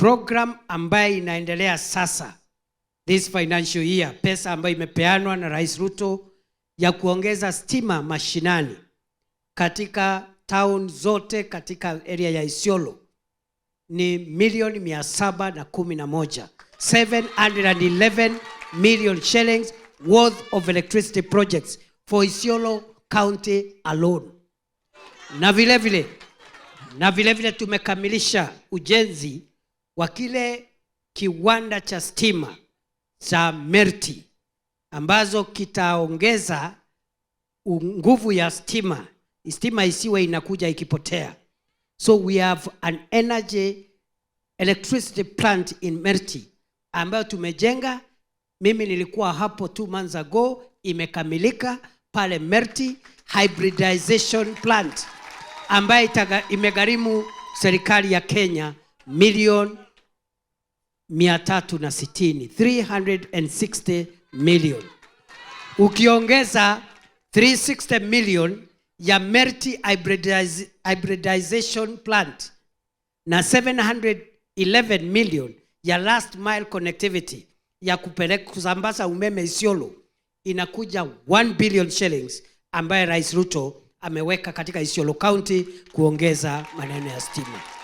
program ambayo inaendelea sasa this financial year, pesa ambayo imepeanwa na Rais Ruto ya kuongeza stima mashinani katika town zote katika area ya Isiolo ni milioni moja 711 million shillings worth of electricity projects for Isiolo county alone. Na vilevile na vilevile tumekamilisha ujenzi wa kile kiwanda cha stima cha Merti ambazo kitaongeza nguvu ya stima, stima isiwe inakuja ikipotea. So we have an energy electricity plant in Merti ambayo tumejenga. Mimi nilikuwa hapo two months ago, imekamilika pale Merti hybridization plant ambayo imegharimu serikali ya Kenya milioni 360, million. Ukiongeza 360 million ya merti hybridization plant na 711 million ya last mile connectivity ya kupeleka kusambaza umeme Isiolo inakuja 1 billion shillings ambaye Rais Ruto ameweka katika Isiolo County kuongeza maneno ya stima.